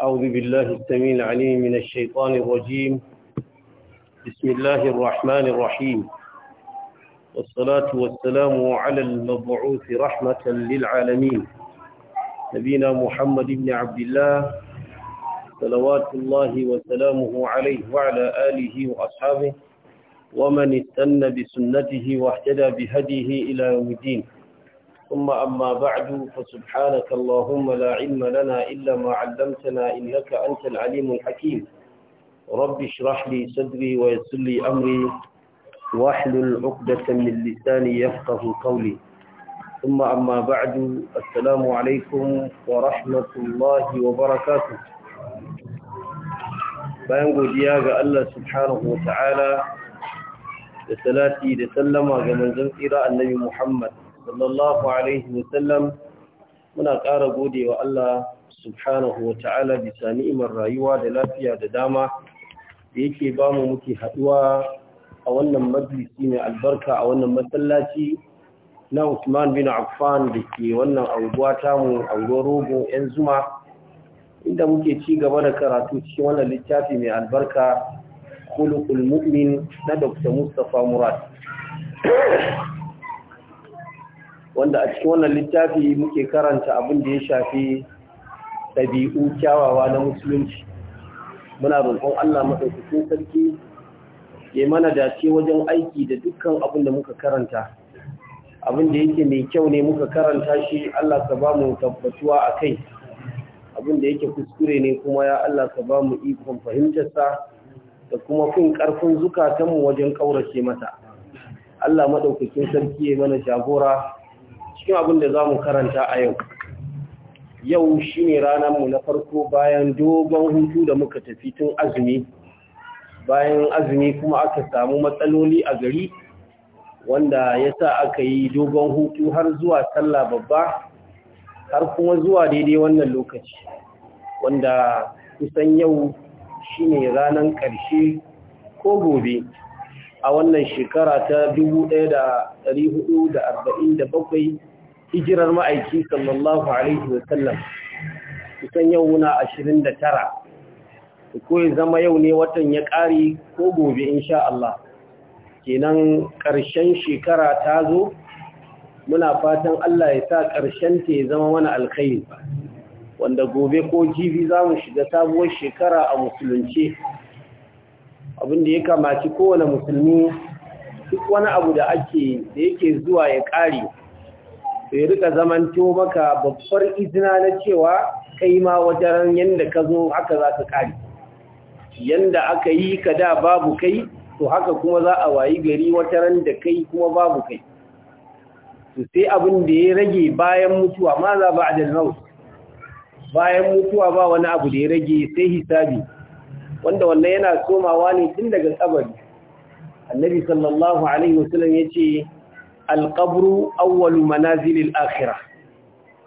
أعوذ بالله السميع العليم من الشيطان الرجيم بسم الله الرحمن الرحيم والصلاة والسلام على المبعوث رحمة للعالمين نبينا محمد بن عبد الله صلوات الله وسلامه عليه وعلى آله وأصحابه ومن اتنى بسنته واهتدى بهديه إلى يوم الدين ثم أما بعد فسبحانك اللهم لا علم لنا إلا ما علمتنا إنك أنت العليم الحكيم رب اشرح لي صدري ويسر لي أمري واحلل عقدة من لساني يفقه قولي ثم أما بعد السلام عليكم ورحمة الله وبركاته bayan godiya ga Allah subhanahu wa ta'ala da salati da sallama ga manzon tsira annabi Muhammad sallallahu alaihi wasallam muna ƙara gode wa Allah subhanahu wa ta'ala bisa ni'imar rayuwa da lafiya da dama da yake ba mu muke haɗuwa a wannan majalisi mai albarka a wannan masallaci na Usman bin Affan da ke wannan anguwa tamu anguwar rogo ‘yan zuma inda muke ci gaba da karatu cikin wannan littafi mai albarka kulukul mu'min na Dr. Mustapha Murad. wanda a cikin wannan littafi muke karanta abin da ya shafi ɗabi'u kyawawa na musulunci muna roƙon Allah maɗaukakin sarki ya mana dace wajen aiki da dukkan abin da muka karanta abin da yake mai kyau ne muka karanta shi Allah ka ba mu tabbatuwa a kai abin da yake kuskure ne kuma ya Allah ka ba mu ikon fahimtarsa da kuma kun ƙarfin zukatanmu wajen ƙaurace mata Allah maɗaukakin sarki ya mana jagora cikin abin da za mu karanta a yau yau shi ne mu na farko bayan dogon hutu da muka tafi tun azumi bayan azumi kuma aka samu matsaloli a gari wanda ya sa aka yi dogon hutu har zuwa sallah babba har kuma zuwa daidai wannan lokaci wanda kusan yau shi ne ranar ƙarshe ko gobe a wannan shekara ta 1447 hijirar ma'aiki sallallahu alaihi wasallam kusan yau wuna ashirin da tara ko ya zama yau ne watan ya ƙari ko gobe insha Allah kenan ƙarshen shekara ta zo muna fatan Allah ya sa ƙarshen ta ya zama mana alkhairi wanda gobe ko jibi za mu shiga sabuwar shekara a musulunci abinda ya kamaci kowane musulmi duk wani abu da ake da yake zuwa ya ƙare Sai rika rika zamanto maka babbar izina na cewa kai ma wajen yanda ka zo haka za ka kare yanda aka yi ka da babu kai to haka kuma za a wayi gari wataran da kai kuma babu kai to sai abin da ya rage bayan mutuwa ma za ba adal maut bayan mutuwa ba wani abu da ya rage sai hisabi wanda wannan yana komawa ne tun daga tsabari annabi sallallahu alaihi wasallam yace alƙabru awwalu manazilil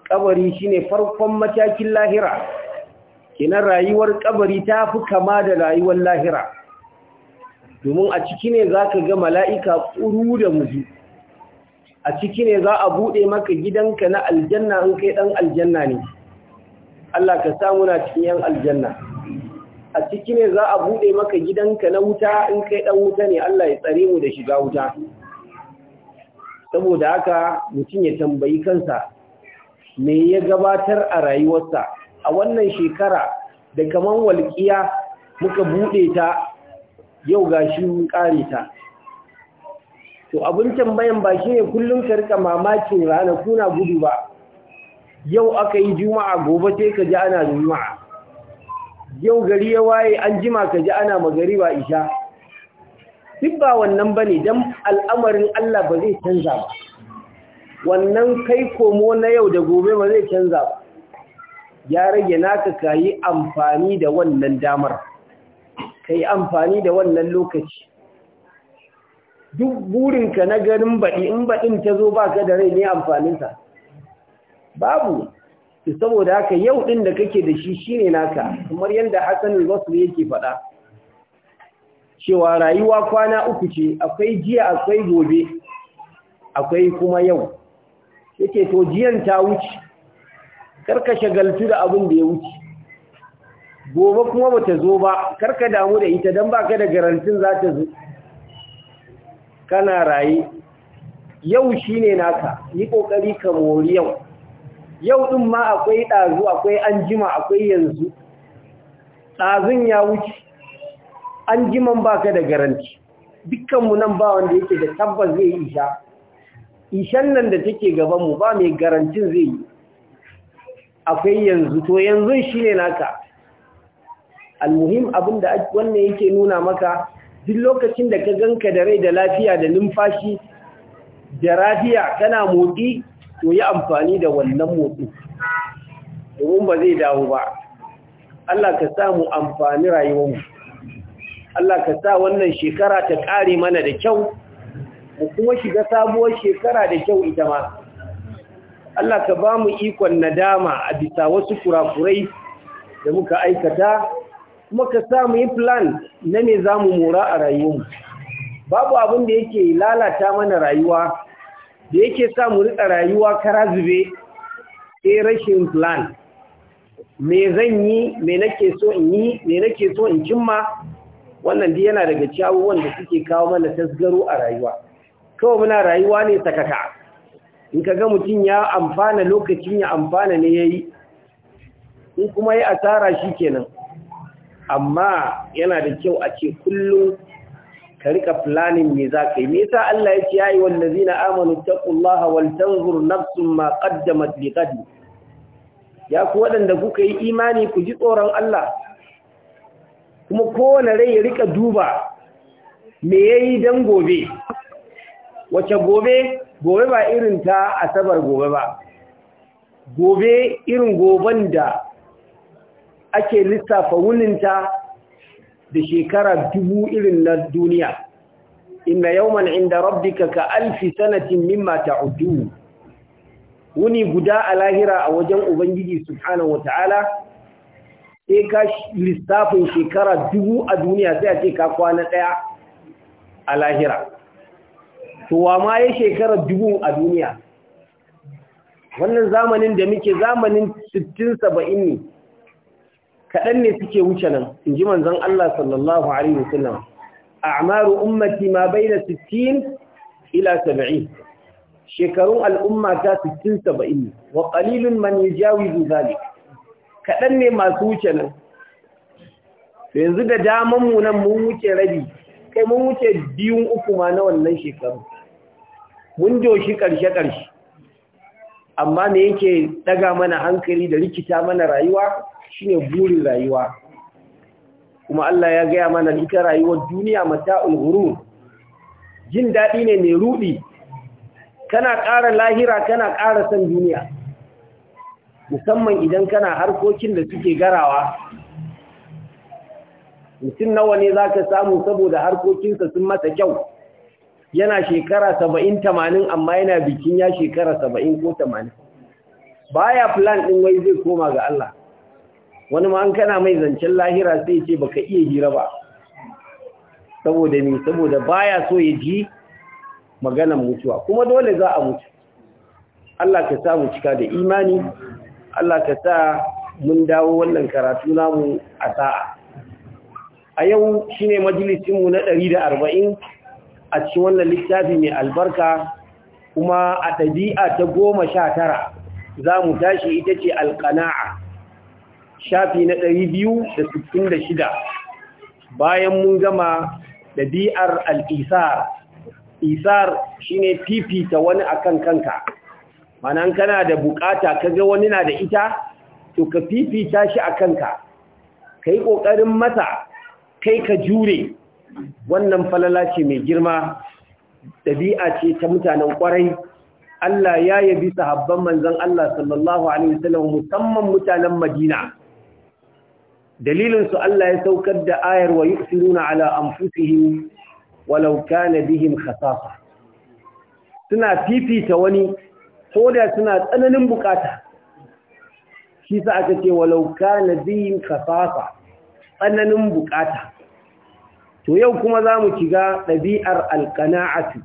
Ƙabari shi shine farkon matakin lahira kenan rayuwar ƙabari ta fi kama da rayuwar lahira domin a ciki ne za ka ga mala'ika ƙuru da muzu a ciki ne za a buɗe maka gidanka na aljanna in kai ɗan aljanna ne Allah ka samu na cikin yan aljanna a ciki ne za a buɗe maka gidanka na wuta in kai ɗan wuta ne Allah ya tsare mu da shiga wuta saboda haka mutum ya tambayi kansa me ya gabatar a rayuwarsa a wannan shekara da kaman walƙiya muka buɗe ta yau gashi mun ƙare ta to abin tambayan ba shi ne kullum ka rika mamakin ranaku kuna gudu ba yau aka yi juma'a gobe sai ka ji ana juma'a yau gari ya waye an jima ka ji ana magariba isha duk ba wannan ba ne don al'amarin Allah ba zai canza ba wannan kai komo na yau da gobe ba zai canza ba ya rage naka ka yi amfani da wannan damar ka yi amfani da wannan lokaci duk burinka na ganin baɗi in baɗin ta zo ba ka da rai ne amfaninta babu saboda haka yau ɗin da kake da shi shine naka kamar yadda hassan al yake faɗa cewa rayuwa kwana uku ce akwai jiya akwai gobe akwai kuma yau yake to jiyan ta wuce karka shagaltu da abin da ya wuce gobe kuma bata zo ba karka damu da ita dan baka da garantin za ta zo kana raye yau shine naka yi kokari ka mori yau yau din ma akwai ɗazu akwai anjima akwai yanzu Tsazun ya wuce an ji man ba ka da garanti dukkanmu nan ba wanda yake da tabbas zai yi isha ishan nan da take gabanmu ba mai garantin zai yi akwai yanzu to yanzu shi ne naka almuhim abinda wannan yake nuna maka duk lokacin da ka ganka da rai da lafiya da numfashi da rafiya kana motsi to yi amfani da wannan motsi domin ba zai dawo ba Allah ka samu amfani rayuwarmu Allah ka sa wannan shekara ta ƙare mana da kyau mu kuma shiga sabuwar shekara da kyau ita ma Allah ka ba mu ikon nadama a bisa wasu kurakurai da muka aikata kuma ka sa mu yi plan na me za mu mora a rayuwarmu babu abin da yake lalata mana rayuwa da yake sa mu riƙa rayuwa kara zube sai rashin filan. me zan yi me nake so in yi me nake so in cimma wannan dai yana daga ciyawu wanda suke kawo mana tasgaro a rayuwa kawai muna rayuwa ne sakaka in ka ga mutum ya amfana lokacin ya amfana ne yayi in kuma ya asara shi kenan amma yana da kyau a ce kullum ka rika planning me za ka yi me yasa Allah ya ce wallazina amanu taqullaha wal tanzur nafsum ma qaddamat ya ku waɗanda kuka yi imani ku ji tsoron Allah kuma kowane rai ya rika duba me ya yi don gobe Wacce gobe gobe ba irin ta asabar gobe ba gobe irin goben da ake lissafa wuninta da shekara dubu irin na duniya inna yawman inda rabbika ka alfi sanatin mimma ta'udu wuni guda a lahira a wajen ubangiji subhanahu ta'ala. sai ka lissafin shekara dubu a duniya sai a ce ka kwana ɗaya a lahira to wa ma ya shekara dubu a duniya wannan zamanin da muke zamanin 60-70 ne kaɗan ne suke wuce nan in ji manzan Allah sallallahu Alaihi wasallam a amaru ummati ma bai da 60 ila 70 shekarun al'umma ta 60-70 ne wa ƙalilun man ya jawi zuzalik kaɗan ne masu wuce nan yanzu da daman mu nan mun wuce rabi kai mun wuce biyun uku ma na wannan shekaru mun joshi ƙarshe karshe amma me yake daga mana hankali da rikita mana rayuwa shine burin rayuwa kuma Allah ya gaya mana ita rayuwar duniya mata'ul ghurur jin dadi ne mai rudi kana ƙara lahira kana ƙara san duniya musamman idan kana harkokin da suke garawa mutum nawa ne za ka samu saboda harkokinsa sun masa kyau yana shekara saba'in tamanin amma yana bikin ya shekara saba'in ko tamanin baya plan ɗin wai zai koma ga Allah wani ma an kana mai zancen lahira sai ce baka iya hira ba saboda ne saboda baya so ya ji maganan mutuwa kuma dole za a mutu Allah ka samu cika da imani Allah ka sa mun dawo wannan karatu namu a sa'a a yau shine majalisinmu na ɗari da arba'in a cikin wannan littafi mai albarka kuma a ɗabi'a ta goma sha tara za mu tashi ita ce alƙana'a shafi na ɗari biyu da sittin da shida bayan mun gama ɗabi'ar al'isar isar shine fifita wani akan kanka manan kana da bukata kaga wani na da ita to ka fifita shi a kanka kai kokarin masa kai ka jure wannan falala ce mai girma dabi'a ce ta mutanen kwarai Allah ya yabi sahabban manzon Allah sallallahu alaihi wasallam musamman mutanen Madina dalilin su Allah ya saukar da ayar wa yusiruna ala anfusihim walau kana bihim khasafa suna fifita wani ko suna tsananin bukata shi sa aka ce walau na zihin kafafa tsananin bukata to yau kuma za mu shiga ɗabi'ar alkana'atu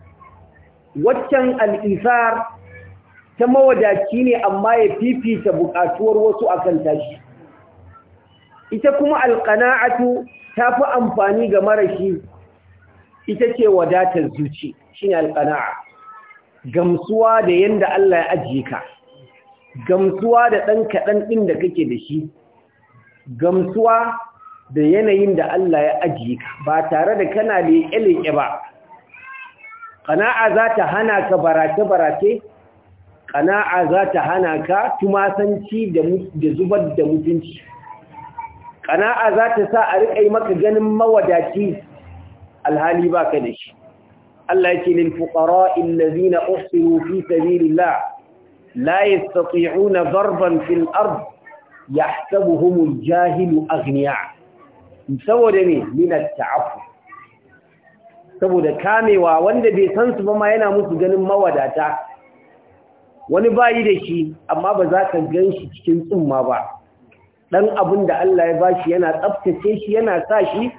waccan al'isar ta mawadaci ne amma ya fifita buƙatuwar wasu akan tashi ita kuma alƙana'atu ta fi amfani ga marashi ita ce wadatar zuci shi ne alƙana'a gamsuwa da yanda Allah ya ajiye ka gamsuwa da ɗan kaɗan ɗin da kake da shi gamsuwa da yanayin da Allah ya ajiye ka ba tare da kana leƙe-leƙe ba ƙana'a za ta hana ka barace-barace ƙana'a za ta hana ka tumasanci da zubar da mutunci ƙana'a za ta sa a riƙa maka ganin mawadaci alhali ba ka da shi Allah yake lil fuqara'i allazina uhsiru fi sabilillah la yastati'una darban fil ard yahsabuhum al-jahilu aghniya saboda ne min at-ta'affuf saboda kamewa wanda bai san su ba ma yana musu ganin mawadata wani bayi da shi amma ba za ka ganshi shi cikin tsumma ba ɗan abun da Allah ya bashi yana tsaftace shi yana sa shi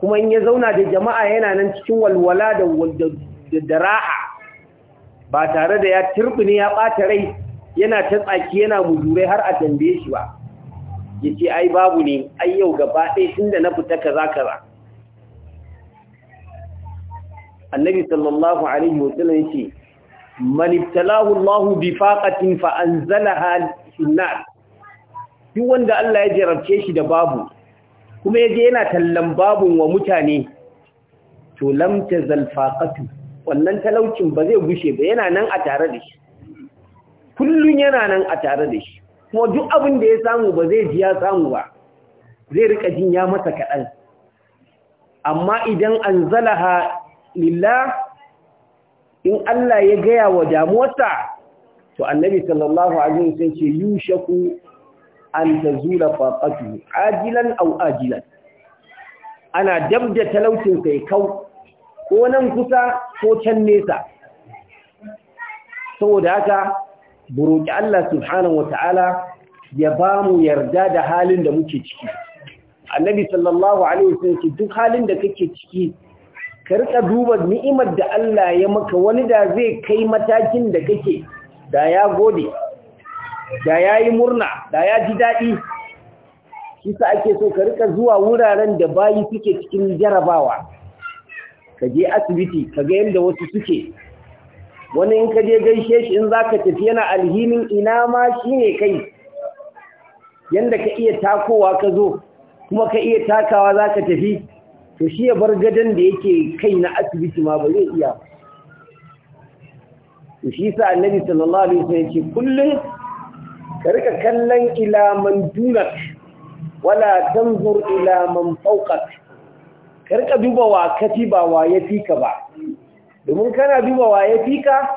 kuma in ya zauna da jama'a yana nan cikin walwala da dara'a. ba tare da ya turbine ya ɓata rai yana ta tsaki yana mujurai har a tambaye shi ba ya ce ai babu ne ai yau gaba ɗaya tun da na fita kaza kaza annabi sallallahu alaihi wasallam yace ce ibtalahu Allahu bi faqatin fa anzalaha an-nar duk wanda Allah ya jarabce shi da babu kuma ya je yana tallan babun wa mutane to lam tazal wannan talaucin ba zai gushe ba yana nan a tare da shi kullun yana nan a tare da shi kuma duk abin da ya samu ba zai ji ya samu ba zai rika jin ya masa kaɗan amma idan an zalaha lillah in Allah ya gaya wa damuwarsa to annabi sallallahu alaihi wasallam ce yushaku an tazula faƙatu ajilan au ajilan ana dabda talaucin sai kau ko nan kusa ko can nesa saboda haka buroki Allah subhanahu wataala ya ba mu yarda da halin da muke ciki annabi sallallahu alaihi wasallam ce duk halin da kake ciki ka rika duba ni'imar da Allah ya maka wani da zai kai matakin da kake da ya gode da ya yi murna da ya ji daɗi shi sa ake so ka rika zuwa wuraren da bayi suke cikin jarabawa ka je asibiti ka ga yadda wasu suke wani in ka je gaishe shi in za ka tafi yana alhinin ina ma shi ne kai yadda ka iya takowa ka zo kuma ka iya takawa za ka tafi to shi ya bar gadon da yake kai na asibiti ma ba zai iya to shi sa annabi sallallahu alaihi wasallam ya ce kullum ka rika kallon ila man dunak wala tanzur ila man ka rika duba wa kaci ba wa ya fika ba domin kana duba wa ya fika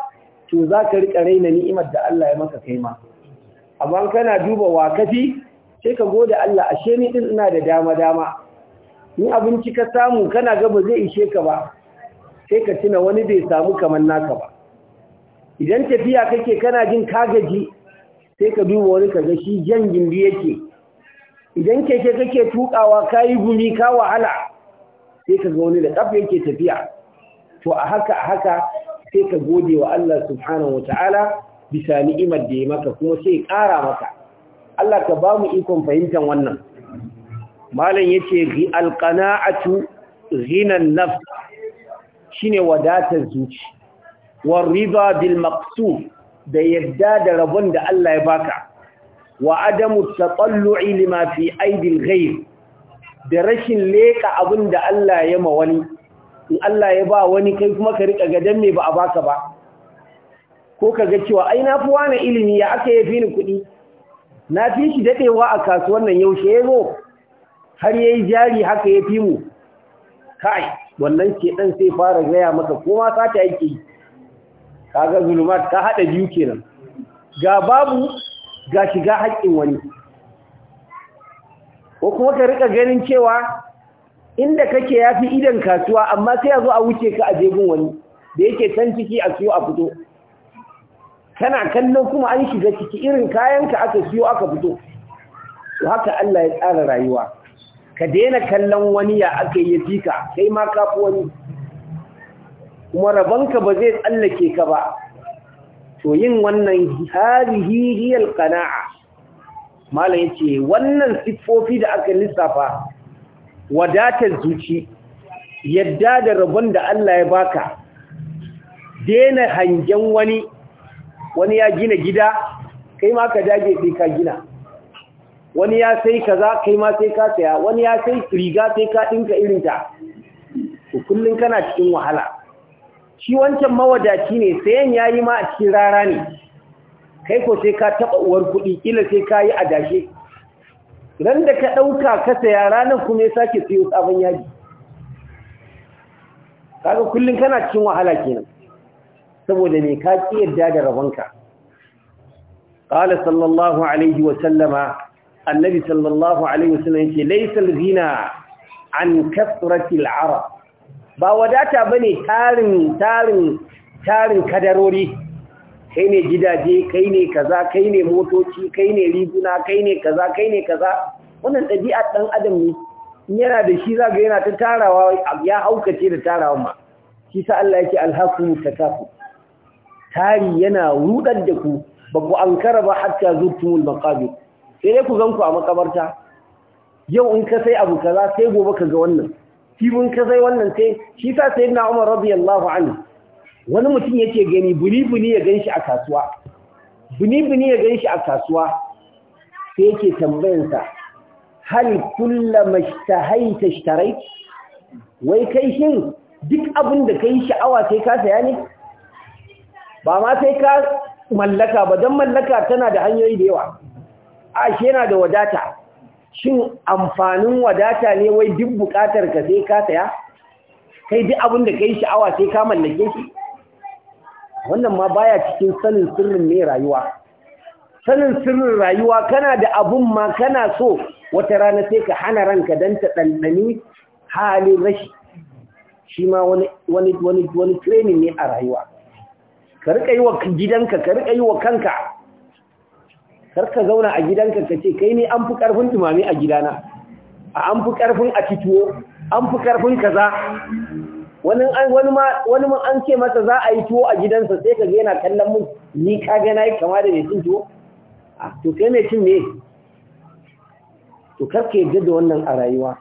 to za ka rika raina ni'imar da Allah ya maka kai ma amma kana duba wa kaci sai ka gode Allah ashe ni din ina da dama dama in abinci ka samu kana ga ba zai ishe ka ba sai ka tuna wani bai samu kamar naka ba idan tafiya kake kana jin kagaji sai ka duba wani ka ga shi jan gindi yake idan keke kake tukawa kayi gumi ka wahala sai ka ga wani da kafa yake tafiya to a haka a haka sai ka gode wa Allah subhanahu ta'ala bisa ni'imar da ya maka kuma sai ya ƙara maka Allah ka bamu ikon fahimtar wannan malam yace alqana'atu ghinan nafs shine wadatar zuci war riba bil maqsud da yadda da rabon da Allah ya baka wa adamu taqallu'i lima fi aidil ghayr da rashin leka abun da Allah ya ma wani in Allah ya ba wani kai kuma ka rika gadan me ba a baka ba ko ka ga cewa ai na fi wani ilimi ya aka yafi ni kuɗi na fi shi dadewa a kasuwar nan yaushe yazo har yayi jari haka yafi mu kai wannan ke dan sai fara gaya maka ma sata yake yi kaga zulumat ka hada biyu kenan ga babu ga shiga haƙƙin wani ko kuma ka rika ganin cewa inda kake yafi idan kasuwa amma sai ya zo a wuce ka a jegun wani da yake san ciki a siyo a fito kana kallon kuma an shiga ciki irin kayan ka aka siyo aka fito to haka Allah ya tsara rayuwa ka daina kallon wani ya aka yi fika kai ma kafi wani kuma rabanka ba zai tsallake ka ba to yin wannan hadihi hiyal qana'a ya yace wannan siffofi da aka lissafa wadatar zuci yadda da rabon da Allah ya baka dena hangen wani wani ya gina gida kai ma ka dage sai ka gina wani ya sai kaza kai ma sai ka saya wani ya sai riga sai ka ɗinka irinta to kullun kana cikin wahala shi wancan mawadaci ne sayan yi ma a cikin rara ne kai ko sai ka taɓa uwar kuɗi kila sai ka yi dashe ran da ka ɗauka ka saya ranar kuma ya sake sayo sabon yaji kaga kullum kana cikin wahala kenan saboda me ka ƙi yadda da rabonka ƙala sallallahu alaihi wa annabi sallallahu alaihi wa sallam ce, laysa an kathrati arab ba wadata ba ne tarin tarin tarin kadarori kai ne gidaje kai ne kaza kai ne motoci kai ne riguna kai ne kaza kai ne kaza wannan ɗabi'a ɗan adam ne yana da shi zaga yana ta tarawa ya haukace da tarawa ma shi sa Allah yake alhaku takafu tari yana rudar da ku ba ku ankara ba hatta zurtumul maqabir sai dai ku ganku a makabarta yau in ka sai abu kaza sai gobe ka ga wannan shi mun ka sai wannan sai shi sa na Umar radiyallahu anhu wani mutum yake gani buni buni ya ganshi a kasuwa buni buni ya ganshi a kasuwa sai yake tambayan sa hal kullama ta ishtarait wai kai shin duk abin da kai sha'awa sai ka saya ne ba ma sai ka mallaka ba don mallaka tana da hanyoyi da yawa a shi yana da wadata shin amfanin wadata ne wai duk bukatar ka sai ka saya kai duk abin da kai sha'awa sai ka mallake shi wannan ma baya cikin sanin sirrin mai rayuwa sanin sirrin rayuwa kana da abun ma kana so wata rana sai ka hana ranka dan ta dandani halin rashi shi ma wani wani training ne a rayuwa ka rika yi wa gidanka ka rika yi wa kanka kar ka zauna a gidanka ka ce kai ne an fi karfin tumami a gidana a an fi karfin a tituwo an fi karfin kaza wani wani ma wani mun an ce masa za a yi tuwo a gidansa sai ka ga yana kallon mun ni ka ga nayi kama da mai cin tuwo a to kai mai cin ne to kar ka yadda da wannan a rayuwa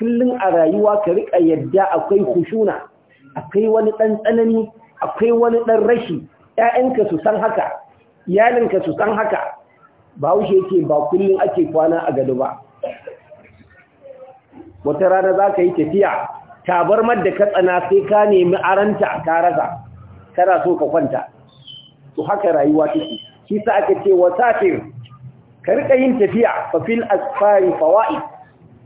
kullun a rayuwa ka rika yadda akwai kushuna akwai wani dan tsanani akwai wani dan rashi ƴaƴanka su san haka iyalinka su san haka Ba wuce yake ba kullum ake kwana a gado ba wata rana za ka yi tafiya tabarmar da ka tsana sai ka nemi aranta ka rasa kana so ka kwanta to haka rayuwa take shi sa aka ce wa safir ka rika yin tafiya fa fil asfari fawaid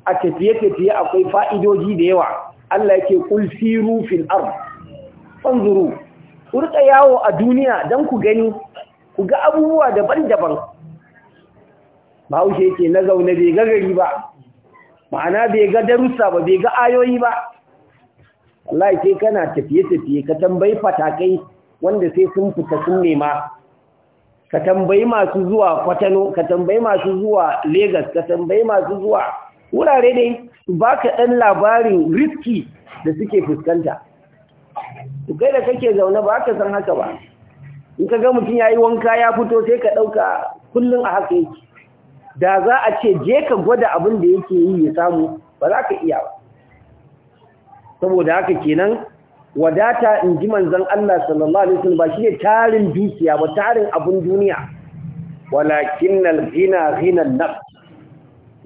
a tafiye tafiye akwai fa'idoji da yawa Allah yake kul siru fil ard fanzuru ku yawo a duniya dan ku gani ku ga abubuwa daban-daban bahaushe yake na zaune bai ga gari ba ma'ana bai ga darussa ba bai ga ayoyi ba wallahi sai kana tafiye-tafiye ka tambayi fatakai wanda sai sun fita sun nema ka tambayi masu zuwa kwatano ka tambayi masu zuwa Legas, ka tambayi masu zuwa wurare dai ba ka ɗan labarin riski da suke fuskanta to kai da kake zaune ba ka san haka ba in ka ga mutum ya yi wanka ya fito sai ka ɗauka kullum a haka yake da za a ce je ka gwada abin da yake yi ya samu ba za ka iya ba saboda haka kenan wadata in ji manzan Allah sallallahu alaihi wasallam ba shi ne tarin dukiya ba tarin abin duniya walakinnal ghina ghina nafs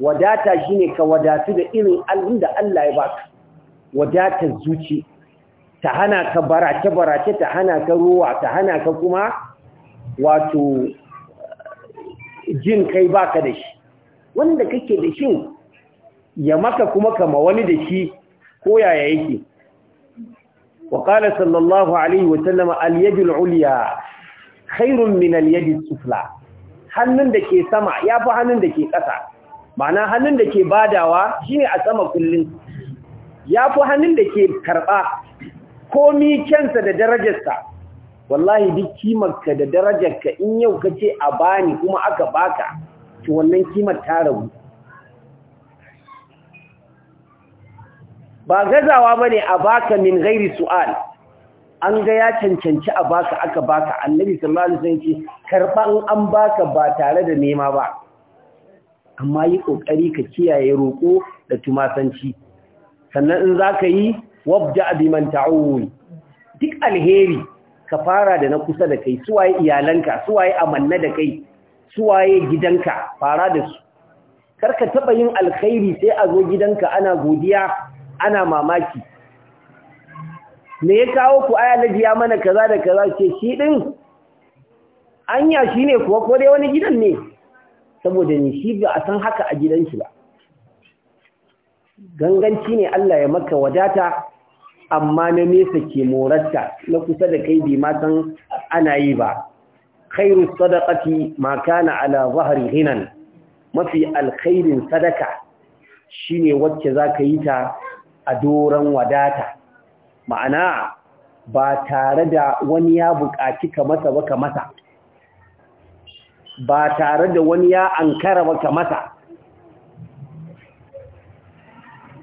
wadata shine ka wadatu da irin abin da Allah ya baka wadatar zuci ta hana ka barace barace ta hana ka ruwa ta hana ka kuma wato jin kai baka da shi wanda kake da shi ya maka kuma kama wani da shi ko yaya yake wa qala sallallahu alaihi wa sallam al yad al ulya khairun min al yad al sufla hannun da ke sama yafi hannun da ke ƙasa ma'ana hannun da ke badawa shine a sama kullun yafi hannun da ke karba komi kyansa da darajarsa wallahi duk kimarka da darajarka in yau ka ce a bani kuma aka baka to wannan kimar ta rabu ba gazawa bane ne a baka min gairi su'al an ga ya cancanci a baka aka baka annabi sallallahu alaihi wasallam ce karba an baka ba tare da nema ba amma yi kokari ka kiyaye roko da tumasanci sannan in zaka yi wabda bi man ta'ul duk alheri ka fara da na kusa da kai suwaye iyalanka suwaye amanna da kai suwaye gidanka fara da su karka taba yin alkhairi sai a zo gidanka ana godiya ana mamaki me ya kawo ku aya na jiya mana kaza da kaza ce shi din anya shine kuwa ko dai wani gidan ne saboda ni shi ba a san haka a gidan shi ba ganganci ne Allah ya maka wadata amma na nesa ke morarta na kusa da kai bai matan ana yi ba khairu sadaqati ma kana ala zahri ghinan mafi alkhairin sadaka shine wacce zaka yi ta a doran wadata ma'ana ba tare da wani ya buƙaci ka masa ba ka masa ba tare da wani ya ankara ba ka masa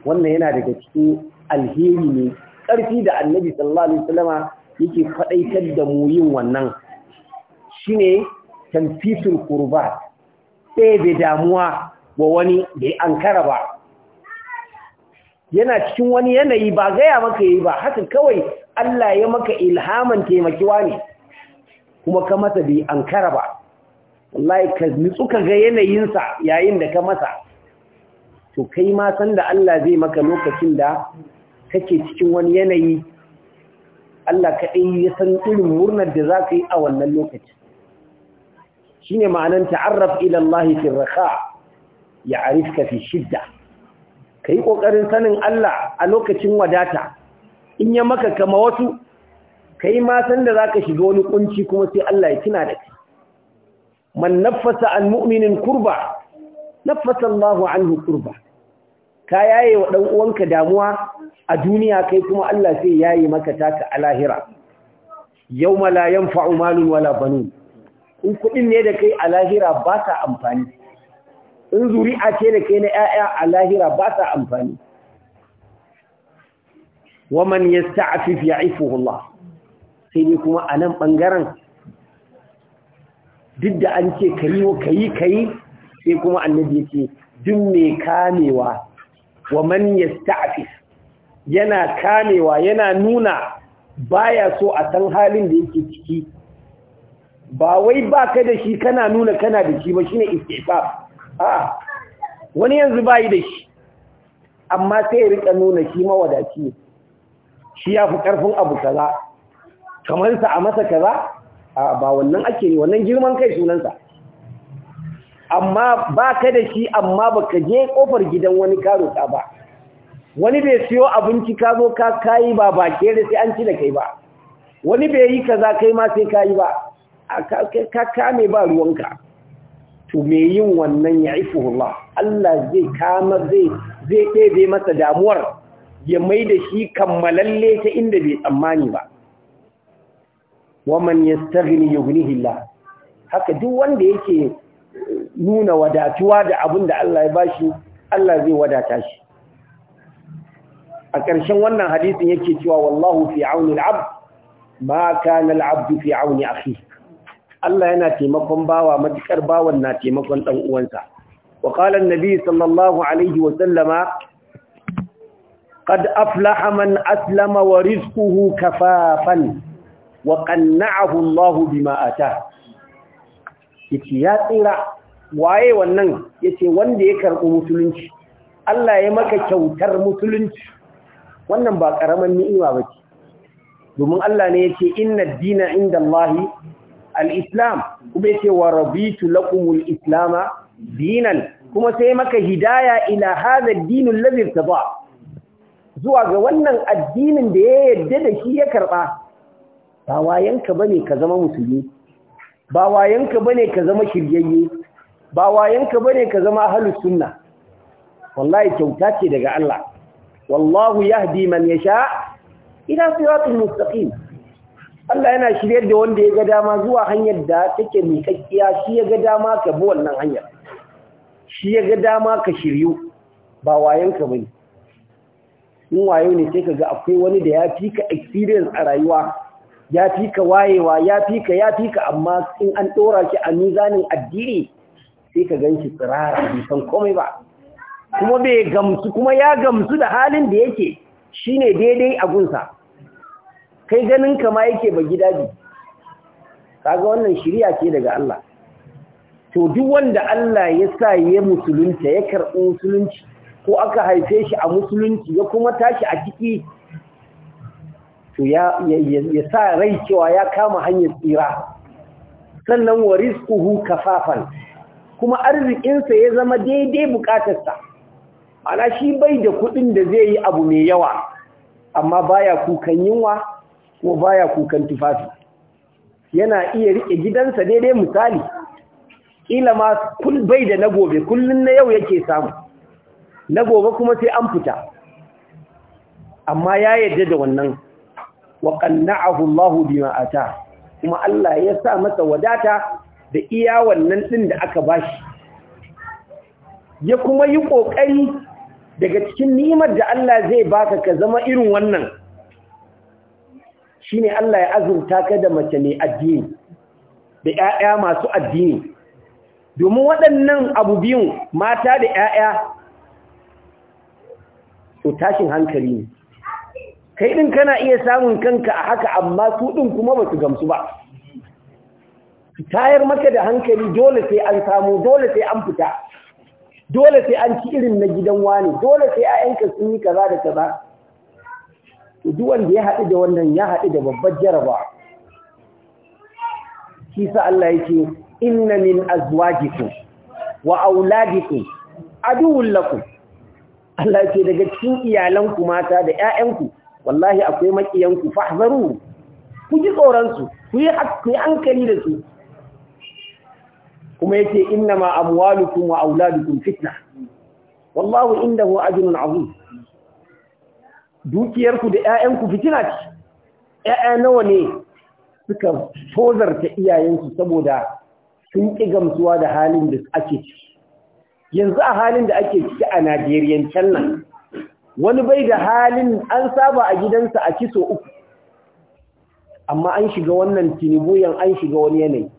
wannan yana daga cikin alheri ne ƙarfi da annabi sallallahu alaihi wasallama yake faɗaitar da mu yin wannan shine tanfisul sai da damuwa wa wani da ya ankara ba yana cikin wani yanayi ba gaya maka yi ba haka kawai Allah ya maka ilhaman taimakiwa ne kuma ka masa bai ankara ba wallahi ka nutsu ka ga yanayinsa yayin da ka masa to kai ma san da Allah zai maka lokacin da kake cikin wani yanayi Allah kaɗai ya san irin murnar da za ka yi a wannan lokacin? shi ne ma'anan ta'arraf ilallahi firraka raka ya arifka fi shidda ka yi ƙoƙarin sanin Allah a lokacin wadata in ya maka kama wasu ka yi matan da za ka shiga wani ƙunci kuma sai Allah ya tuna da ka. man nafasa an mu'minin kurba nafasallahu Allahu anhu kurba ka yaye wa ɗan uwanka damuwa a duniya kai kuma Allah sai yaye maka taka a lahira yawma la yanfa'u malun wala banun in kuɗin ne da kai a lahira ba ta amfani in zuri'a ce da kai na 'ya'ya a lahira ba ta amfani waman yasta'fif ya'ifuhu Allah sai dai kuma a nan bangaren duk da an ce kayi kayi kayi sai kuma annabi ce duk mai kamewa wa man yasta'fif yana kamewa yana nuna baya so a san halin da yake ciki ba wai baka da shi kana nuna kana da shi ba shine istifaf a wani yanzu bai da shi amma sai ya rika nuna shi mawadaci shi ya karfin abu kaza kamar sa a masa kaza a ba wannan ake ne wannan girman kai sunansa amma ba ka da shi amma ba ka je kofar gidan wani ta ba wani bai siyo abinci ka zo ka kayi ba ba da sai an ci da kai ba wani bai yi kaza kai ma sai kayi ba ka kame ba ruwanka to me yin wannan ya hula? Allah zai kama zai zai masa damuwar ya mai da shi kammalalle ta inda bai tsammani ba waman yastaghni yughnihi hila. haka duk wanda yake nuna wadatuwa da abin da Allah ya bashi Allah zai wadata shi a ƙarshen wannan hadisin yake cewa wallahu fi auni al ma kana al fi auni akhi Allah yana taimakon bawa matukar bawan na taimakon dan uwansa wa qala an-nabi sallallahu alaihi wa sallama qad aflaha man aslama wa rizquhu kafafan wa qanna'ahu Allah bima yace ya tsira waye wannan yace wanda ya karɓi musulunci Allah ya maka kyautar musulunci wannan ba karaman ni'ima bace domin Allah ne yace inna dina inda Allah al-islam kuma yace wa rabitu lakumul islama dinan kuma sai maka hidaya ila hadha ad-din alladhi tada zuwa ga wannan addinin da ya yadda da shi ya karba ba wayanka bane ka zama musulmi ba wayanka bane ka zama shiryayye ba wayanka bane ka zama ahlus sunna wallahi kyauta ce daga Allah wallahu yahdi man yasha ila siratal mustaqim Allah yana shiryar da wanda ya ga dama zuwa hanyar da take miƙaƙƙiya shi ya ga dama ka bi wannan hanyar shi ya ga dama ka shiryu ba wayanka bane in wayo ne sai ka ga akwai wani da ya fi ka experience a rayuwa ya fi ka wayewa ya fi ka ya fi ka amma in an ɗora ki a mizanin addini sai ka ganci tsirara bai san komai ba kuma bai gamsu kuma ya gamsu da halin da yake shine daidai a gunsa kai ganin ka kama yake ba gida bi kaga wannan shirya ce daga Allah to duk wanda Allah ya sa ya musulunta ya karɓi musulunci ko aka haife shi a musulunci ya kuma tashi a ciki to ya sa rai cewa ya kama hanyar tsira sannan wa rizquhu kafafan kuma arzikinsa ya zama daidai bukatarsa ana shi bai da kudin da zai yi abu mai yawa amma baya kukan yunwa ko baya kukan tufafi yana iya rike gidansa daidai misali kila ma kul bai da na kullun na yau yake samu na kuma sai an fita amma ya yarda da wannan wa qanna'ahu Allahu bima ata kuma Allah ya sa masa wadata da iya wannan din da aka bashi ya kuma yi kokari daga cikin ni'imar da Allah zai baka ka zama irin wannan shine Allah ya azurta ka da mace ne addini da ƴaƴa masu addini domin waɗannan abu biyu mata da ƴaƴa to tashin hankali ne kai din kana iya samun kanka a haka amma su din kuma ba su gamsu ba tayar maka da hankali dole sai an samu dole sai an fita dole sai an ci irin na gidan wani dole sai ayanka sun yi kaza da kaza to duk wanda ya haɗu da wannan ya haɗu da babbar jaraba shi sa Allah yake inna min azwajikum wa auladikum aduwwul lakum Allah yake daga cikin iyalanku mata da ƴaƴanku wallahi akwai makiyanku fahzaru ku ji tsoronsu ku yi hankali da su kuma yake inna ma amwalukum wa auladukum fitna wallahu indahu ajrun azim dukiyarku da ƴaƴanku fitina ce ƴaƴa nawa ne suka ta iyayensu saboda sun ki gamsuwa da halin da ake ciki yanzu a halin da ake ciki a Najeriya can nan wani bai da halin an saba a gidansa a kiso uku amma an shiga wannan tinibuyan an shiga wani yanayi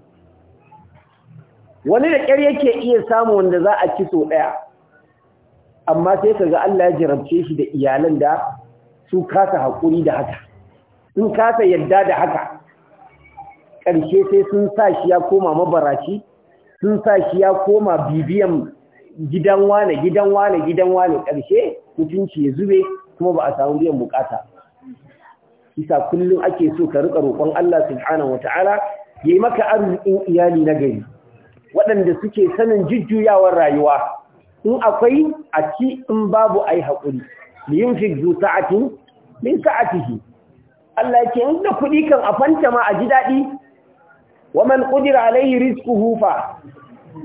wani da ƙyar yake iya samu wanda za a kiso ɗaya amma sai ka ga Allah ya jarabce shi da iyalan da su kasa haƙuri da haka sun kasa yadda da haka ƙarshe sai sun sa shi ya koma mabaraci sun sa shi ya koma bibiyan gidan wane gidan wane gidan wane ƙarshe mutunci ya zube kuma ba a samu biyan bukata isa kullum ake so ka rika roƙon Allah subhanahu wata'ala yayi maka arzikin iyali na gari waɗanda suke sanin jujjuyawar rayuwa in akwai a ci in babu ai hakuri liyin fi zu min sa'atihi Allah yake in da kuɗi kan afanta ma a ji daɗi wa man qudira alaihi rizquhu fa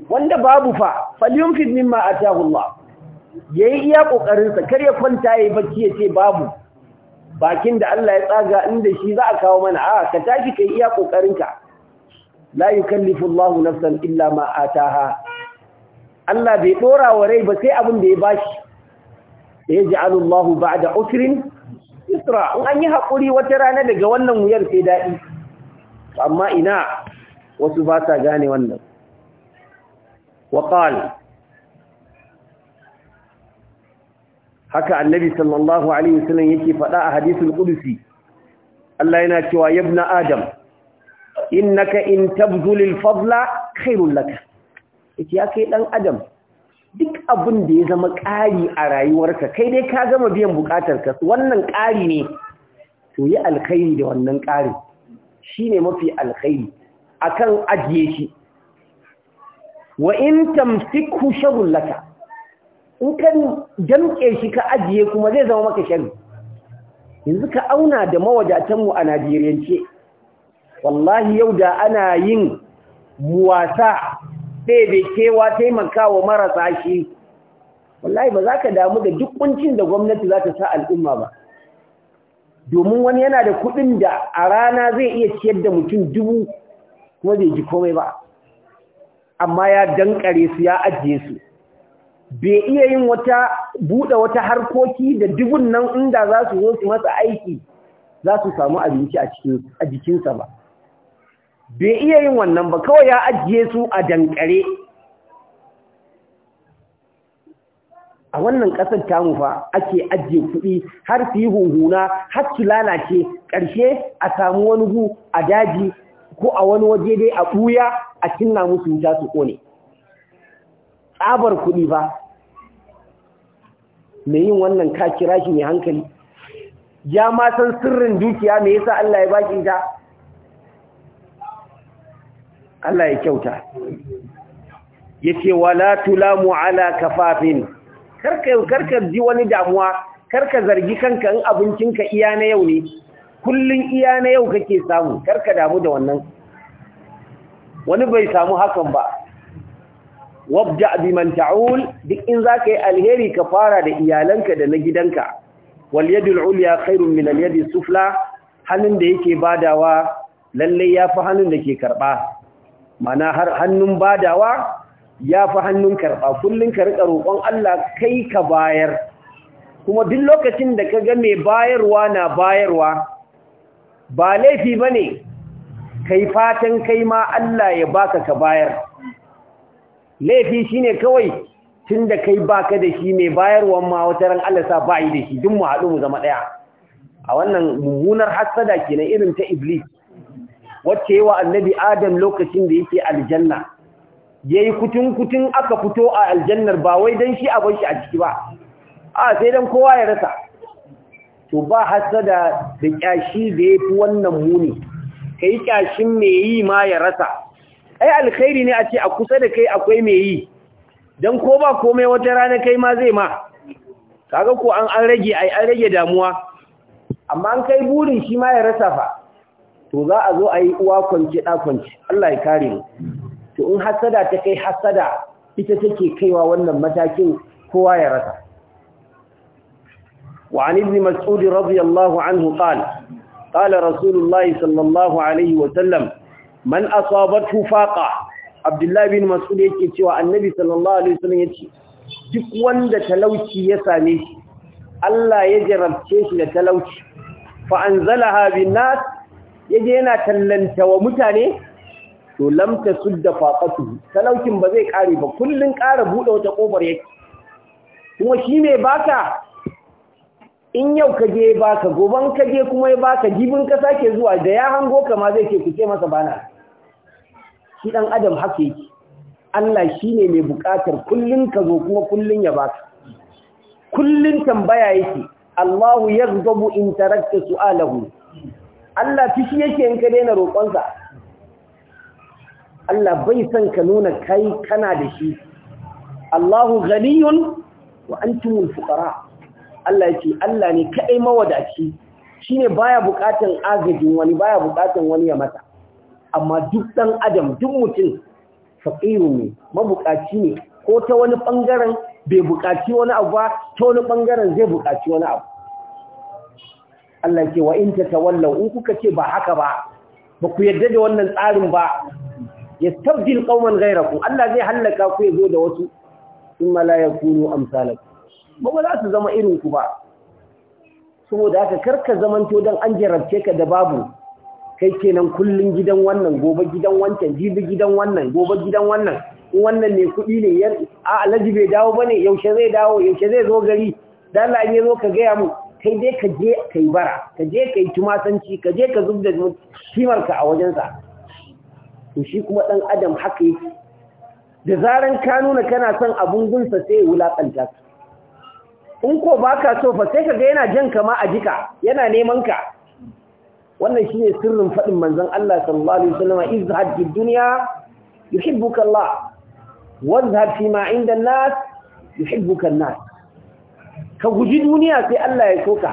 wanda babu fa fi mimma atahu Allah yayi iya kokarin sa kar ya kwanta yayi bacci ya ce babu bakin da Allah ya tsaga inda shi za a kawo mana a ka tashi kai iya kokarin ka la yukallifu Allah nafsan illa ma ataha Allah bai dora wa rai ba sai abin da ya bashi ya ja'alu Allah ba'da usrin yusra in an yi hakuri wata rana daga wannan wuyar sai dadi amma ina wasu ba sa gane wannan Wakal, haka annabi sallallahu alaihi wasallam yake faɗa a hadisul qudsi Allah yana cewa ya ibn adam innaka in tabdhul al-fadla khairul lak ya kai dan adam duk abin da ya zama ƙari a rayuwarka kai dai ka gama biyan bukatarka wannan ƙari ne to alkhairi da wannan ƙari shine mafi alkhairi akan ajiye wa in tamsikhu sharrun laka in ka jamke shi ka ajiye kuma zai zama maka sharri yanzu ka auna da mawadatan mu a Najeriyance wallahi yau da ana yin muwasa da kewa taimakawa marasa shi wallahi ba za ka damu da duk kuncin da gwamnati za ta sa al'umma ba domin wani yana da kuɗin da a rana zai iya ciyar da mutum dubu kuma zai ji komai ba amma ya dankare su ya ajiye su bai iya yin wata bude wata harkoki da dubun nan inda za su zo su masa aiki za su samu abinci a jikinsa ba bai iya yin wannan ba kawai ya ajiye su a dankare a wannan ƙasar tamu fa ake ajiye kuɗi har su yi hunhuna har su lalace ƙarshe a samu wani gu a daji ko a wani waje dai a ɓuya a cinna musu wuta su ƙone tsabar kuɗi ba mai yin wannan ka kira mai hankali ya ma san sirrin dukiya me yasa Allah ya baki ta Allah ya kyauta Ya ce wala tulamu ala kafafin karka ji wani damuwa karka zargi kanka in abincinka iya na yau ne kullun iya na yau kake samu karka damu da wannan wani bai samu hakan ba wabda bi man ta'ul duk in zaka yi alheri ka fara da iyalanka da na gidanka wal yadul ulya khairun min al yadi sufla hannun da yake badawa lalle yafi hannun da ke karba mana har hannun badawa yafi hannun karba kullun ka rika roƙon Allah kai ka bayar kuma duk lokacin da ka ga mai bayarwa na bayarwa ba laifi ba ne kai fatan kai ma Allah ya baka ka bayar laifi shi ne kawai tun da kai baka da shi mai bayarwan ma wata ran Allah sa ba yi da shi duk mu haɗu mu zama ɗaya a wannan mummunar hassada kenan irin ta iblis wacce yawa annabi adam lokacin da yake aljanna ya yi kutun kutun aka fito a aljannar ba wai don shi a bar shi a ciki ba a sai don kowa ya rasa to ba hasada da kyashi da ya fi wannan muni yi kyashin me yi ma ya rasa ai alkhairi ne a ce a kusa da kai akwai mai yi Don ko ba komai wata rana kai ma zai ma kaga ko an an rage ai an rage damuwa amma an kai burin shi ma ya rasa fa to za a zo a yi uwa kwanci ɗa kwanci Allah ya kare mu to in hasada ta kai hasada ita take kaiwa wannan matakin kowa ya rasa وعن ابن مسعود رضي الله عنه قال قال رسول الله صلى الله عليه وسلم من أصابته فاقة عبد yake cewa annabi sallallahu alaihi wasallam yace duk wanda talauci ya same shi Allah ya jarabce shi da talauci fa anzalaha bin yaje yana tallanta wa mutane to lam tasudda faqatu talaucin ba zai kare ba kullun ƙara bude wata kofar yake kuma shi ne baka in yau ka je baka, ka goban ka je kuma ya baka jibin ka sake zuwa da ya hango ka ma zai ce ku ce masa bana shi dan adam haka yake Allah shine mai bukatar kullun ka zo kuma kullun ya baka kullun tambaya yake Allahu yaghdabu in tarakta su'alahu Allah shi yake in ka daina roƙonsa Allah bai san ka nuna kai kana da shi Allahu ghaniyun wa antumul fuqara Allah yake Allah ne kadai mawadaci shine baya bukatan agajin wani baya bukatan wani ya mata amma duk ɗan adam duk mutum faqiru ne mabukaci ne ko ta wani bangaren bai bukaci wani abu ba ta wani bangaren zai bukaci wani abu Allah yake wa in tatawallu in kuka ce ba haka ba ba ku yarda da wannan tsarin ba ya tabbil qauman ghayrakum Allah zai halaka ku ya zo da wasu in ma la yakunu amsalakum ba ba za su zama irin ku ba saboda haka karka zamanto don an jarabce ka da babu kai kenan kullun gidan wannan gobe gidan wancan jibi gidan wannan gobe gidan wannan wannan ne kuɗi ne yan a alhaji bai dawo bane yaushe zai dawo yaushe zai zo gari dan Allah zo ka gaya mu kai dai ka je kai bara ka je kai tumasanci ka je ka zubda kimar ka a wajensa to shi kuma dan adam haka yake da zaran ka nuna kana son abun gunsa sai ya wulakanta ka in ko ka so fa sai kaga yana jan kama a jika yana neman ka wannan shine sirrin fadin manzon Allah sallallahu alaihi wasallam izhad duniya, dunya yuhibbuka Allah wazhad fi ma inda an-nas yuhibbuka an-nas ka guji duniya sai Allah ya soka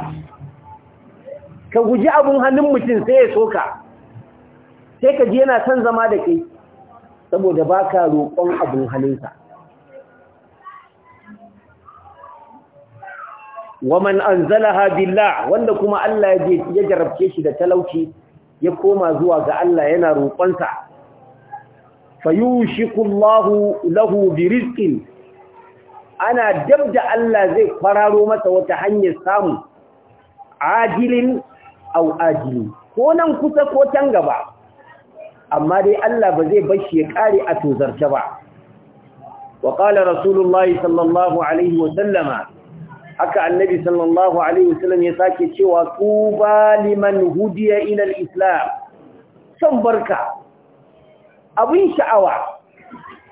ka guji abun hannun mutum sai ya soka sai ka ji yana son zama da kai saboda baka roƙon abun hannunsa Waman man anzalaha billah wanda kuma Allah ya jarabce shi da talauci ya koma zuwa ga Allah yana roƙonsa fayushikullahu lahu birizqin ana dabda Allah zai kwararo masa wata hanyar samu ajilin au ajili ko nan kusa ko can gaba amma dai Allah ba zai bar shi ya kare a tozarce ba wa qala rasulullahi sallallahu alaihi wa sallama haka annabi sallallahu alaihi wasallam ya sake cewa tuba liman hudiya ila al-islam san barka abin sha'awa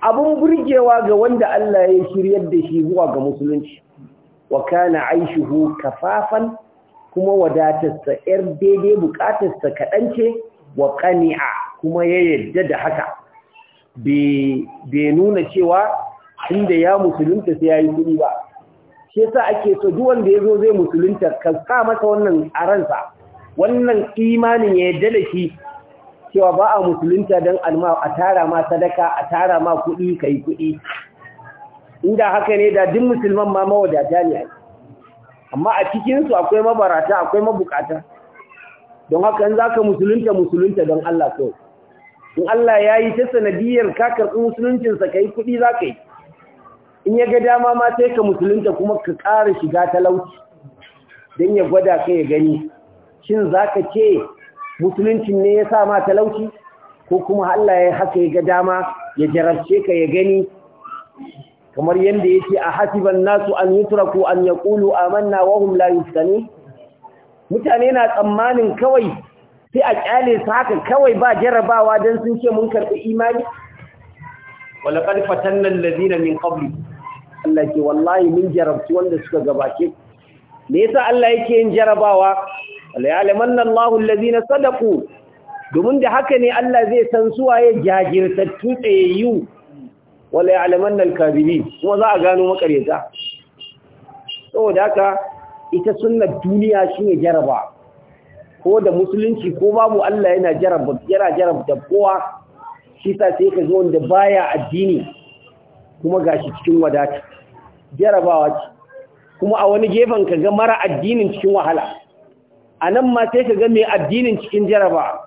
abin burgewa ga wanda Allah ya shiryar da shi zuwa ga musulunci wa kana aishuhu kafafan kuma wadatarsa yar daidai bukatarsa kaɗan ce wa kuma ya yadda da haka bai nuna cewa inda ya musulunta sai ya yi kuɗi ba shi yasa ake so duk wanda ya zo zai musulunta ka sa masa wannan a ransa wannan imanin ya yadda da shi cewa ba a musulunta don alma a tara ma sadaka a tara ma kuɗi ka yi kuɗi inda haka ne da duk musulman ma mawadata ne amma a cikinsu akwai mabarata akwai mabukata don haka in za ka musulunta musulunta don Allah so in Allah ya yi ta sanadiyar ka karɓi musuluncinsa ka yi kuɗi za ka yi in ya ga dama ma sai ka musulunta kuma ka ƙara shiga talauci don ya gwada ka ya gani shin za ka ce musuluncin ne ya sa ma talauci ko kuma Allah ya haka ya ga dama ya jarabce ka ya gani kamar yadda ya ce a hasiban nasu an turaku an ya ƙulu amanna wahum la yuftani mutane na tsammanin kawai sai a ƙyale su haka kawai ba jarabawa don sun ce mun karɓi imani ƙarfatan nan lazina min ƙabli Allah ke wallahi mun jarabci wanda suka gabace me yasa Allah yake yin jarabawa alayalamanna Allahu allazina sadaqu domin da haka ne Allah zai san su waye jajirtattu tsayayyu walayalamanna alkazibin kuma za a gano makareta saboda haka ita sunnar duniya shine jaraba ko da musulunci ko babu Allah yana jarabta yana jarabta kowa shi sa sai ka zo wanda baya addini kuma gashi cikin wadata jarabawa ce kuma a wani gefen ka ga mara addinin cikin wahala a nan ma sai ka ga mai addinin cikin jarabawa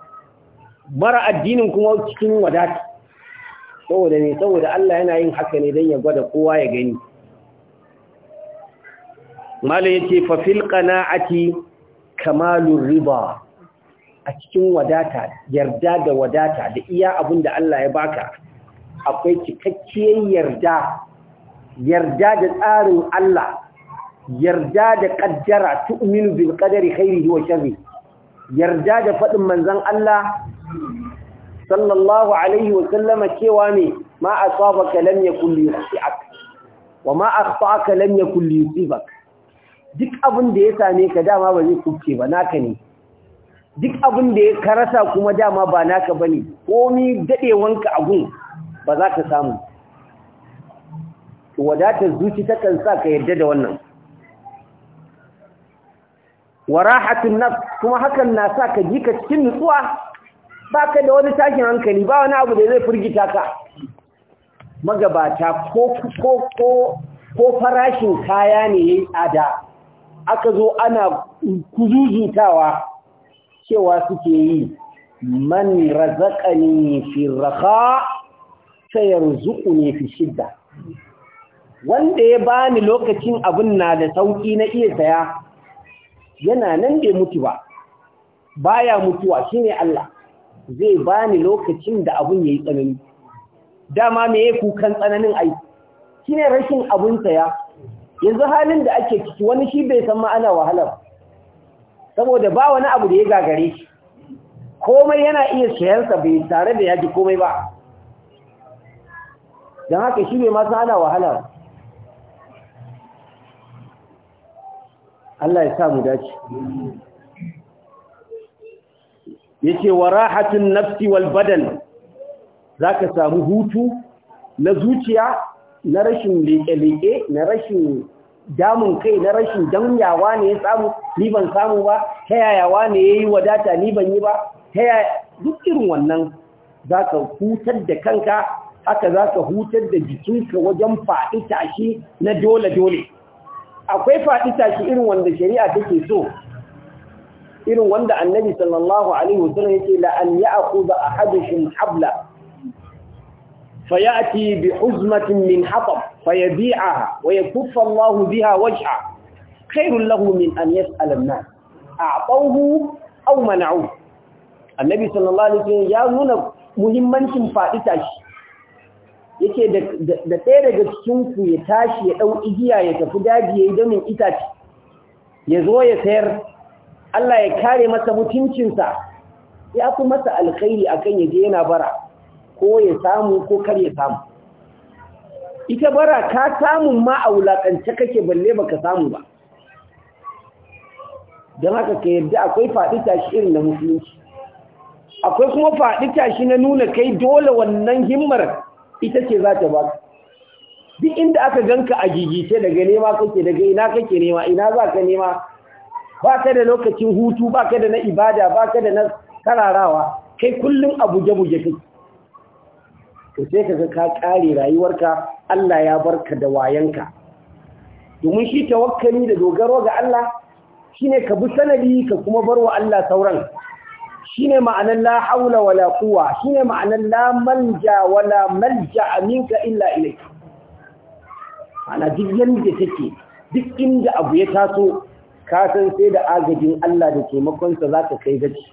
mara addinin kuma cikin wadata saboda ne saboda Allah yana yin haka ne don ya gwada kowa ya gani malu ya ce fafil ƙana'ati kamalun riba a cikin wadata yarda da wadata da iya abin da Allah ya baka akwai cikakkiyar yarda yarda da tsarin Allah yarda da kaddara tu'minu bil qadari khairihi wa sharri yarda da fadin manzon Allah sallallahu alaihi wa sallama cewa ne ma asabaka lam yakul yusiak wa ma akhta'aka lam yakul yusibak duk abin da ya same ka dama ba zai kuke ba naka ne duk abin da ya karasa kuma dama ba naka bane komi dadewanka a gun ba za ka samu wadatar zuci takan sa ka yarda da wannan wa rahatun nafs kuma hakan na sa ka ji ka cikin nutsuwa ba ka da wani tashin hankali ba wani abu da zai furgita ka magabata ko ko ko ko farashin kaya ne yayi tsada aka zo ana kuzuzutawa cewa suke yi man razaqani fi raqa sayarzuƙuni fi shidda wanda ya bani lokacin abin na da sauƙi na iya saya yana nan ya mutu ba baya mutuwa ne Allah zai bani lokacin da abin ya yi tsanani dama me ya kukan tsananin ai ne rashin abin saya yanzu halin da ake ciki wani shi bai san ma'ana wahala saboda ba wani abu da ya gagare shi komai yana iya sayansa bai tare da yaji komai ba don haka shi ne masu ana wahala Allah ya sa mu dace yake wa rahatun nafsi wal badan zaka samu hutu na zuciya na rashin leke-leke na rashin damun kai na rashin damyawa ne ya samu ni ban samu ba ta yayawa ne yayi wadata ni ban yi ba ta duk irin wannan zaka hutar da kanka haka za ka hutar da jikinka wajen faɗi tashi na dole-dole akwai faɗi tashi irin wanda shari'a take so irin wanda annabi sallallahu alaihi wasallam yake la an ya'khudha ahadukum habla fayati bi huzmatin min fa ya bi a wa yakuffa Allahu biha wajha khairul lahu min an yas'al an-nas a'tahu aw man'u annabi sallallahu alaihi wasallam ya nuna muhimmancin faɗi tashi yake da ɗaya daga cikin ku ya tashi ya ɗau igiya ya tafi daji ya yi damin itace ya zo ya sayar Allah ya kare masa mutuncinsa ya fi masa alkhairi akan ya yaje yana bara ko ya samu ko kar ya samu ita bara ka samun ma a wulaƙance kake balle baka samu ba don haka ka yadda akwai faɗi tashi irin na musulunci akwai kuma faɗi tashi na nuna kai dole wannan himmar ita ce za ta baka duk inda aka ganka a gigice daga nema kake daga ina kake nema ina za ka nema ba ka da lokacin hutu ba ka da na ibada ba ka da na kararawa kai kullum a buge-buge kai to sai ka ga ka kare rayuwarka Allah ya barka da wayanka domin shi tawakkali da dogaro ga Allah shine ka bi sanadi ka kuma barwa Allah sauran shine ma'anar la haula wala quwwa shine ma'anar la manja wala malja minka illa ilayk ana duk yanda take duk inda abu ya taso ka san sai da agajin Allah da taimakon sa zaka kai gaci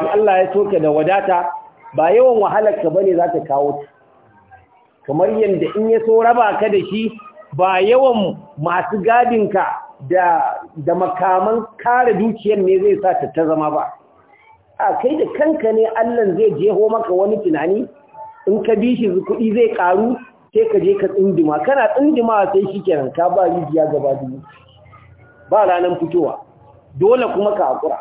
in Allah ya soke da wadata ba yawan wahalar ka bane zaka kawo kamar yadda in ya so raba ka da shi ba yawan masu gadinka da da makaman kare dukiyar ne zai sa ta zama ba a kai da kanka ne allon zai jeho maka wani tunani in ka bi shi kuɗi zai ƙaru sai ka je ka tsindima kana tsindima sai shi kenan ka ba rijiya gaba dubu ba ranar fitowa dole kuma ka hakura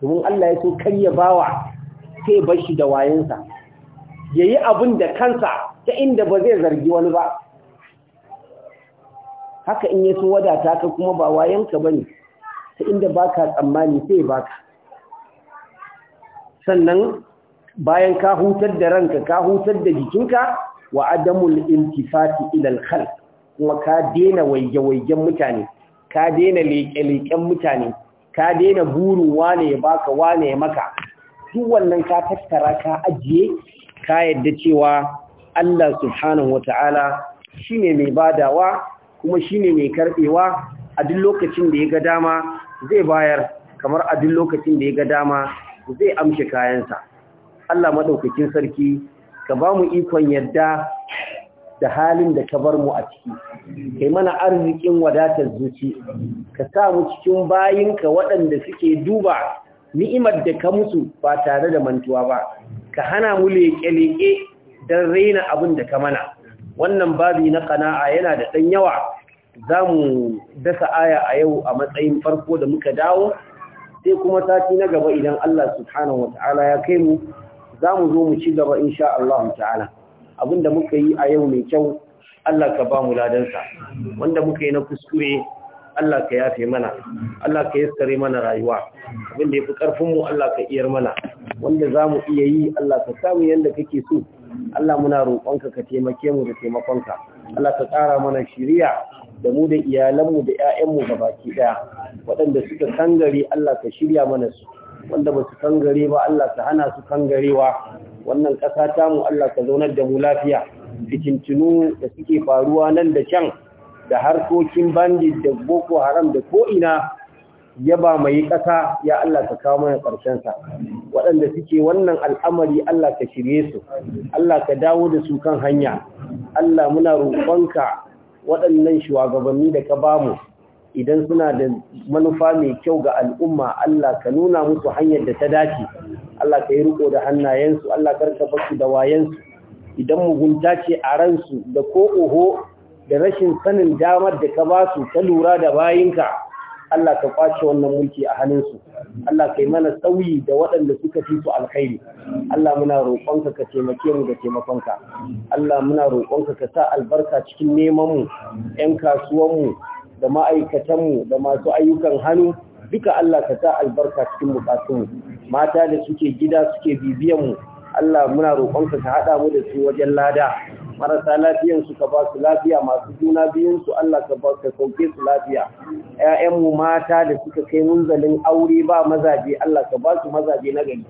domin allah ya so karya bawa sai bar shi da wayansa ya yi abin da kansa ta inda ba zai zargi wani ba haka in ya so wadata ka kuma ba wayanka bane ta inda baka tsammani sai baka sannan bayan ka hutar da ranka ka hutar da jikinka wa adamul intifati ila al kuma ka dena waige-waigen mutane ka dena leƙe-leƙen mutane ka dena burin wane ya baka wane ya maka duk wannan ka tattara ka ajiye ka yadda cewa Allah subhanahu wata'ala shine mai badawa kuma shi ne mai karɓewa a duk lokacin da ya ga dama zai bayar kamar a duk lokacin da ya ga dama zai amshi kayansa Allah maɗaukacin sarki ka ba mu ikon yadda da halin da ka bar mu a ciki kai mana arzikin wadatar zuci ka sa mu cikin bayinka waɗanda suke duba ni'imar da ka musu ba tare da mantuwa ba ka hana mu leƙe-leƙe don raina abin da ka mana wannan babi na kana'a yana da ɗan yawa za mu dasa aya a yau a matsayin farko da muka dawo sai kuma sati na gaba idan Allah subhanahu wata'ala ya kai mu za mu zo mu ci gaba insha Allah ta'ala abinda muka yi a yau mai kyau Allah ka ba mu ladansa wanda muka yi na kuskure Allah ka yafe mana Allah ka yassare mana rayuwa abinda yafi karfin mu Allah ka iyar mana wanda zamu iya yi Allah ka samu yadda kake so Allah muna roƙonka ka taimake mu da taimakonka Allah ka tsara mana shiriya da mu da iyalanmu da ƴaƴanmu baki ɗaya waɗanda suka kangare Allah ka shirya mana su wanda ba su kangare ba Allah ka hana su kangarewa wannan ƙasa ta mu Allah ka zaunar da mu lafiya fitintunu da suke faruwa nan da can da harkokin bandit da boko haram da ko'ina ya ba mai ƙasa ya Allah ka kawo mana ƙarshensa waɗanda suke wannan al'amari Allah ka shirye su Allah ka dawo da su kan hanya Allah muna roƙonka waɗannan shugabanni da ka bamu idan suna da manufa mai kyau ga al'umma Allah ka nuna musu hanyar da ta dace Allah ka yi riko da hannayensu Allah ka karka su da wayensu idan mugunta ce a ransu da ko oho da rashin sanin damar da ka ba su ta lura da bayinka Allah ka kwace wannan mulki a hannunsu Allah kai mana sauyi da waɗanda suka fi su alkhairi Allah muna roƙonka ka taimake mu da taimakonka Allah muna roƙonka ka sa albarka cikin neman mu ƴan kasuwan mu da ma'aikatan mu da masu ayyukan hannu duka Allah ka sa albarka cikin mu mata da suke gida suke bibiyan mu Allah muna roƙonka ka haɗa mu da su wajen lada marasa lafiyan suka ka ba su lafiya masu juna biyun su Allah ka ba ka sauke su lafiya ƴaƴan mu mata da suka kai munzalin aure ba mazaje Allah ka ba su mazaje na gari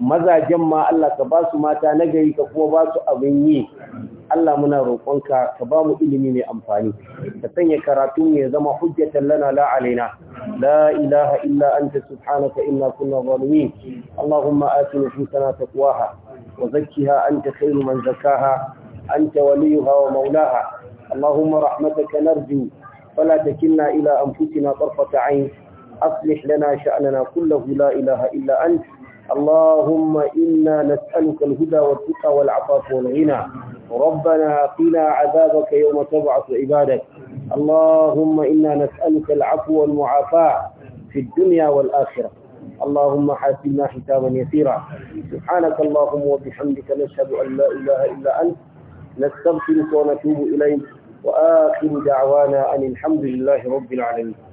mazajen ma Allah ka ba su mata na gari ka kuma ba su abin yi Allah muna roƙonka ka ba mu ilimi mai amfani ka sanya karatu ya zama hujjatan lana la alaina la ilaha illa anta subhanaka inna kunna zalimin allahumma ati nufusana taqwaha wa zakkiha anta khairu man zakkaha أنت وليها ومولاها اللهم رحمتك نرجو فلا تكلنا إلى أنفسنا طرفة عين أصلح لنا شأننا كله لا إله إلا أنت اللهم إنا نسألك الهدى والتقى والعفاف والغنى ربنا قنا عذابك يوم تبعث عبادك اللهم إنا نسألك العفو والمعافاة في الدنيا والآخرة اللهم حاسبنا حسابا يسيرا سبحانك اللهم وبحمدك نشهد أن لا إله إلا أنت نستغفرك ونتوب إليك وآخر دعوانا أن الحمد لله رب العالمين